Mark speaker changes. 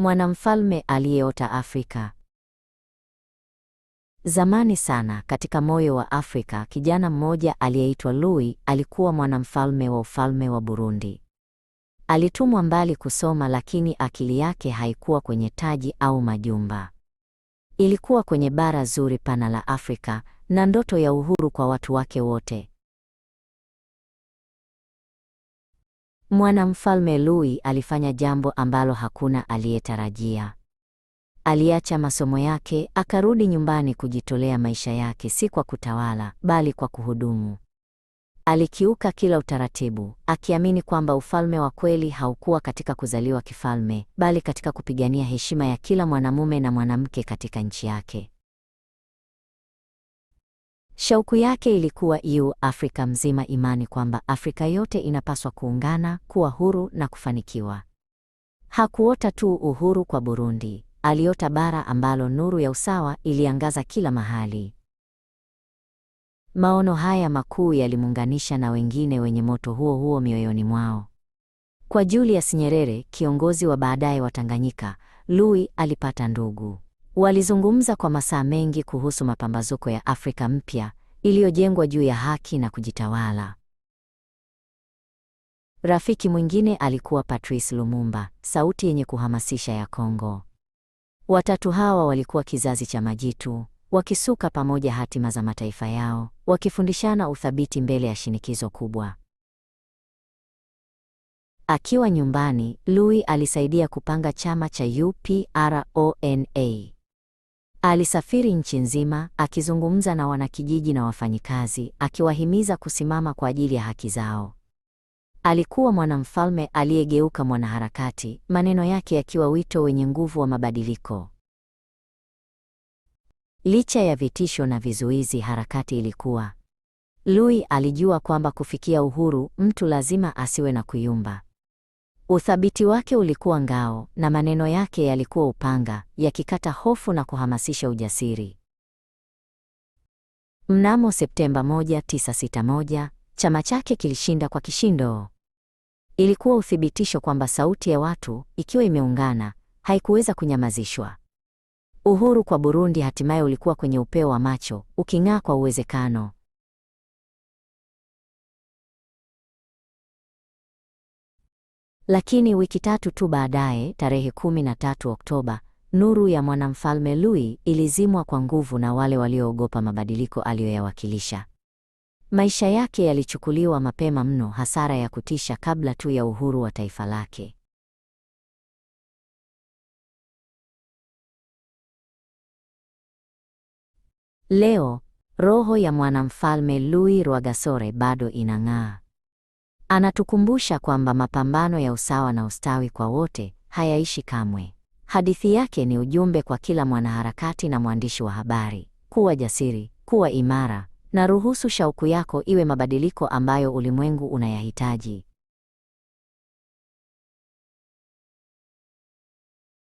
Speaker 1: mwanamfalme aliyeota Afrika. Zamani sana, katika moyo wa Afrika, kijana mmoja aliyeitwa Louis alikuwa mwanamfalme wa ufalme wa Burundi. Alitumwa mbali kusoma, lakini akili yake haikuwa kwenye taji au majumba. Ilikuwa kwenye bara zuri pana la Afrika na ndoto ya uhuru kwa watu wake wote. Mwanamfalme Louis alifanya jambo ambalo hakuna aliyetarajia. Aliacha masomo yake akarudi nyumbani kujitolea maisha yake, si kwa kutawala, bali kwa kuhudumu. Alikiuka kila utaratibu, akiamini kwamba ufalme wa kweli haukuwa katika kuzaliwa kifalme, bali katika kupigania heshima ya kila mwanamume na mwanamke katika nchi yake. Shauku yake ilikuwa iu Afrika mzima imani kwamba Afrika yote inapaswa kuungana, kuwa huru na kufanikiwa. Hakuota tu uhuru kwa Burundi, aliota bara ambalo nuru ya usawa iliangaza kila mahali. Maono haya makuu yalimuunganisha na wengine wenye moto huo huo mioyoni mwao. Kwa Julius Nyerere, kiongozi wa baadaye wa Tanganyika, Lui alipata ndugu. Walizungumza kwa masaa mengi kuhusu mapambazuko ya Afrika mpya iliyojengwa juu ya haki na kujitawala. Rafiki mwingine alikuwa Patrice Lumumba, sauti yenye kuhamasisha ya Kongo. Watatu hawa walikuwa kizazi cha majitu, wakisuka pamoja hatima za mataifa yao, wakifundishana uthabiti mbele ya shinikizo kubwa. Akiwa nyumbani, Louis alisaidia kupanga chama cha UPRONA. Alisafiri nchi nzima akizungumza na wanakijiji na wafanyikazi, akiwahimiza kusimama kwa ajili ya haki zao. Alikuwa mwanamfalme aliyegeuka mwanaharakati, maneno yake yakiwa wito wenye nguvu wa mabadiliko. Licha ya vitisho na vizuizi, harakati ilikuwa. Lui alijua kwamba kufikia uhuru, mtu lazima asiwe na kuyumba. Uthabiti wake ulikuwa ngao na maneno yake yalikuwa upanga, yakikata hofu na kuhamasisha ujasiri. Mnamo Septemba 1961 chama chake kilishinda kwa kishindo. Ilikuwa uthibitisho kwamba sauti ya watu, ikiwa imeungana, haikuweza kunyamazishwa. Uhuru kwa Burundi hatimaye ulikuwa kwenye upeo wa macho, uking'aa
Speaker 2: kwa uwezekano.
Speaker 1: Lakini wiki tatu tu baadaye, tarehe 13 Oktoba, nuru ya mwanamfalme Louis ilizimwa kwa nguvu na wale walioogopa mabadiliko aliyoyawakilisha. Maisha yake yalichukuliwa mapema mno, hasara ya kutisha kabla tu ya uhuru wa taifa lake. Leo roho ya mwanamfalme Louis Rwagasore bado inang'aa. Anatukumbusha kwamba mapambano ya usawa na ustawi kwa wote hayaishi kamwe. Hadithi yake ni ujumbe kwa kila mwanaharakati na mwandishi wa habari: kuwa jasiri, kuwa imara, na ruhusu shauku yako iwe mabadiliko ambayo ulimwengu unayahitaji.